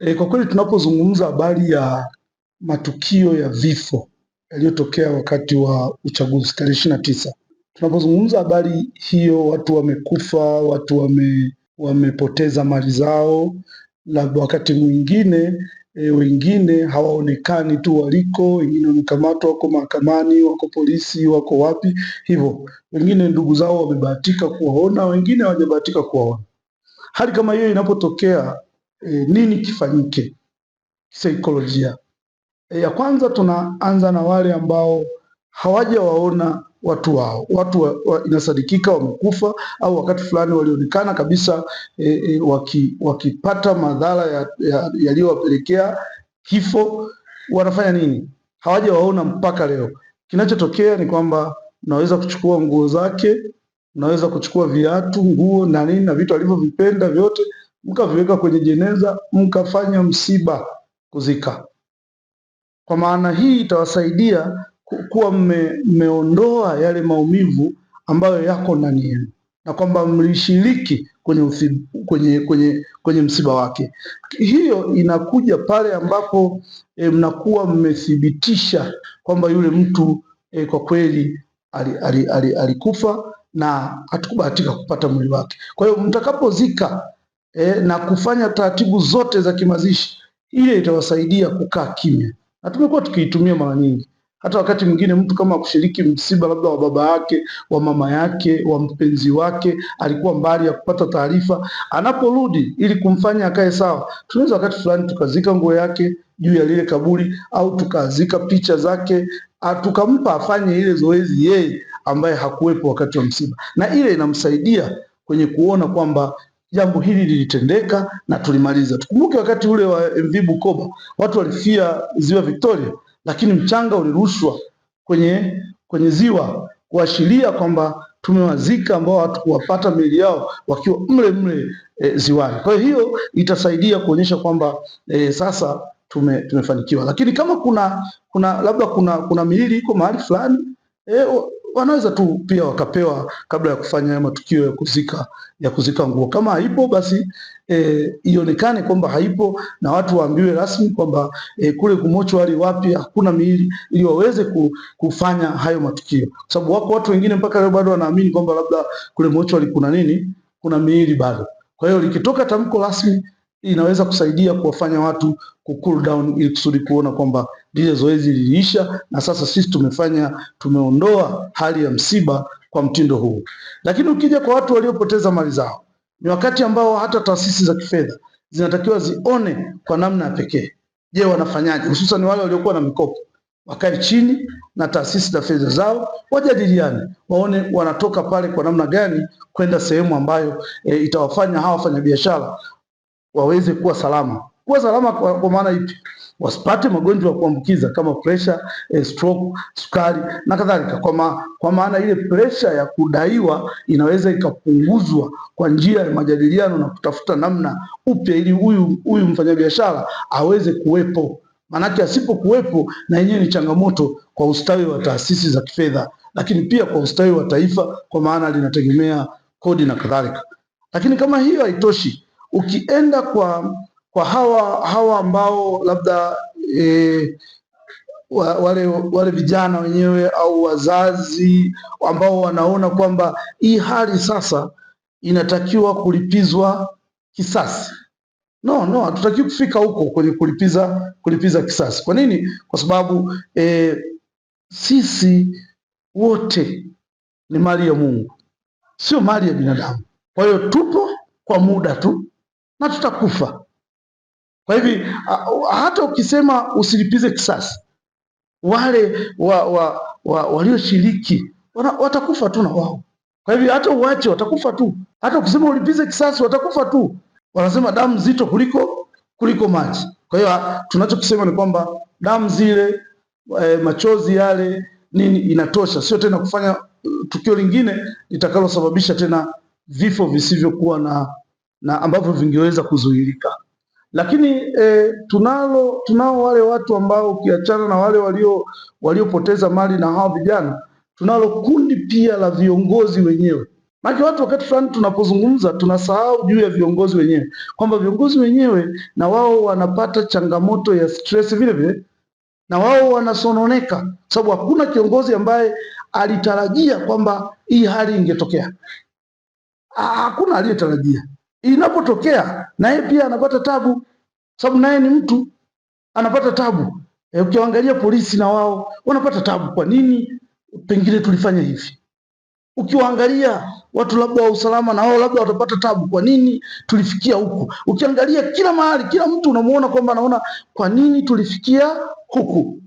E, kwa kweli tunapozungumza habari ya matukio ya vifo yaliyotokea wakati wa uchaguzi tarehe ishirini na tisa, tunapozungumza habari hiyo, watu wamekufa, watu wame, wamepoteza mali zao, labda wakati mwingine e, wengine hawaonekani tu waliko, wengine wamekamatwa, wako mahakamani, wako polisi, wako wapi hivyo, wengine ndugu zao wamebahatika kuwaona, wengine hawajabahatika kuwaona. Hali kama hiyo inapotokea e, nini kifanyike saikolojia. E, eh, ya kwanza tunaanza na wale ambao hawajawaona watu wao, watu wa, wa, inasadikika wamekufa au wakati fulani walionekana kabisa e, e, waki, wakipata madhara yaliyowapelekea ya, ya kifo. Wanafanya nini? Hawajawaona mpaka leo. Kinachotokea ni kwamba unaweza kuchukua nguo zake, unaweza kuchukua viatu, nguo na nini na vitu alivyovipenda vyote mkaviweka kwenye jeneza, mkafanya msiba kuzika. Kwa maana hii itawasaidia kuwa mme, mmeondoa yale maumivu ambayo yako ndani yenu na kwamba mlishiriki kwenye, kwenye, kwenye, kwenye msiba wake. Hiyo inakuja pale ambapo e, mnakuwa mmethibitisha kwamba yule mtu e, kwa kweli alikufa ali, ali, ali na hatukubahatika kupata mwili wake. Kwa hiyo mtakapozika e, na kufanya taratibu zote za kimazishi, ile itawasaidia kukaa kimya, na tumekuwa tukiitumia mara nyingi hata wakati mwingine mtu kama akushiriki msiba labda wa baba yake, wa mama yake, wa mpenzi wake, alikuwa mbali ya kupata taarifa, anaporudi ili kumfanya akae sawa, tunaweza wakati fulani tukazika nguo yake juu ya lile kaburi, au tukazika picha zake, tukampa afanye ile zoezi yeye ambaye hakuwepo wakati wa msiba, na ile inamsaidia kwenye kuona kwamba jambo hili lilitendeka na tulimaliza. Tukumbuke wakati ule wa MV Bukoba watu walifia ziwa Victoria, lakini mchanga ulirushwa kwenye kwenye ziwa kuashiria kwamba tumewazika ambao hatukuwapata miili yao wakiwa mle mle e, ziwani. Kwa hiyo itasaidia kuonyesha kwamba e, sasa tume, tumefanikiwa. Lakini kama kuna kuna labda kuna kuna miili iko mahali fulani e, wanaweza tu pia wakapewa kabla ya kufanya ya matukio ya kuzika ya kuzika nguo. Kama haipo basi e, ionekane kwamba haipo na watu waambiwe rasmi kwamba e, kule kumochwari wapi hakuna miili, ili waweze kufanya hayo matukio, kwa sababu wako watu wengine mpaka leo bado wanaamini kwamba labda kule mochwari kuna nini, kuna miili bado. Kwa hiyo likitoka tamko rasmi inaweza kusaidia kuwafanya watu ku cool down ili kusudi kuona kwamba lile zoezi liliisha na sasa sisi tumefanya tumeondoa hali ya msiba kwa mtindo huu. Lakini ukija kwa watu waliopoteza mali zao, ni wakati ambao hata taasisi za kifedha zinatakiwa zione kwa namna ya pekee, je, wanafanyaje? Hususan wale waliokuwa na mikopo wakae chini na taasisi za fedha zao wajadiliane, waone wanatoka pale kwa namna gani kwenda sehemu ambayo e, itawafanya hawa wafanyabiashara waweze kuwa salama. Kuwa salama kwa, kwa maana ipi? Wasipate magonjwa ya kuambukiza kama pressure, eh, stroke, sukari na kadhalika. Kwa, ma, kwa maana ile pressure ya kudaiwa inaweza ikapunguzwa kwa njia ya majadiliano na kutafuta namna upya ili huyu huyu mfanyabiashara aweze kuwepo, maanake asipokuwepo na yenyewe ni changamoto kwa ustawi wa taasisi za kifedha, lakini pia kwa ustawi wa taifa, kwa maana linategemea kodi na kadhalika. Lakini kama hiyo haitoshi Ukienda kwa kwa hawa hawa ambao labda e, wale wale vijana wenyewe au wazazi ambao wanaona kwamba hii hali sasa inatakiwa kulipizwa kisasi. No, no, hatutaki kufika huko kwenye kulipiza kulipiza kisasi. Kwa nini? Kwa sababu e, sisi wote ni mali ya Mungu, sio mali ya binadamu. Kwa hiyo tupo kwa muda tu, na tutakufa. Kwa hivi hata ukisema usilipize kisasi, wale wa, wa, wa, walioshiriki watakufa tu na wao. Kwa hivi hata uwache watakufa tu, hata ukisema ulipize kisasi watakufa tu. Wanasema damu zito kuliko kuliko maji. Kwa hiyo tunachokisema ni kwamba damu zile e, machozi yale nini inatosha, sio tena kufanya uh, tukio lingine litakalosababisha tena vifo visivyokuwa na na ambavyo vingeweza kuzuilika. Lakini e, tunalo tunao wale watu ambao ukiachana na wale walio waliopoteza mali na hawa vijana, tunalo kundi pia la viongozi wenyewe. Maana watu wakati fulani tunapozungumza tunasahau juu ya viongozi wenyewe kwamba viongozi wenyewe na wao wanapata changamoto ya stress vile vile, na wao wanasononeka, sababu hakuna kiongozi ambaye alitarajia kwamba hii hali ingetokea. Hakuna aliyetarajia inapotokea naye pia anapata tabu, sababu naye ni mtu anapata tabu. E, eh, ukiangalia polisi na wao wanapata tabu. Kwa nini pengine tulifanya hivi? Ukiwaangalia watu labda wa usalama na wao labda watapata tabu. Kwa nini tulifikia huku? Ukiangalia kila mahali, kila mtu unamuona kwamba anaona kwa nini tulifikia huku.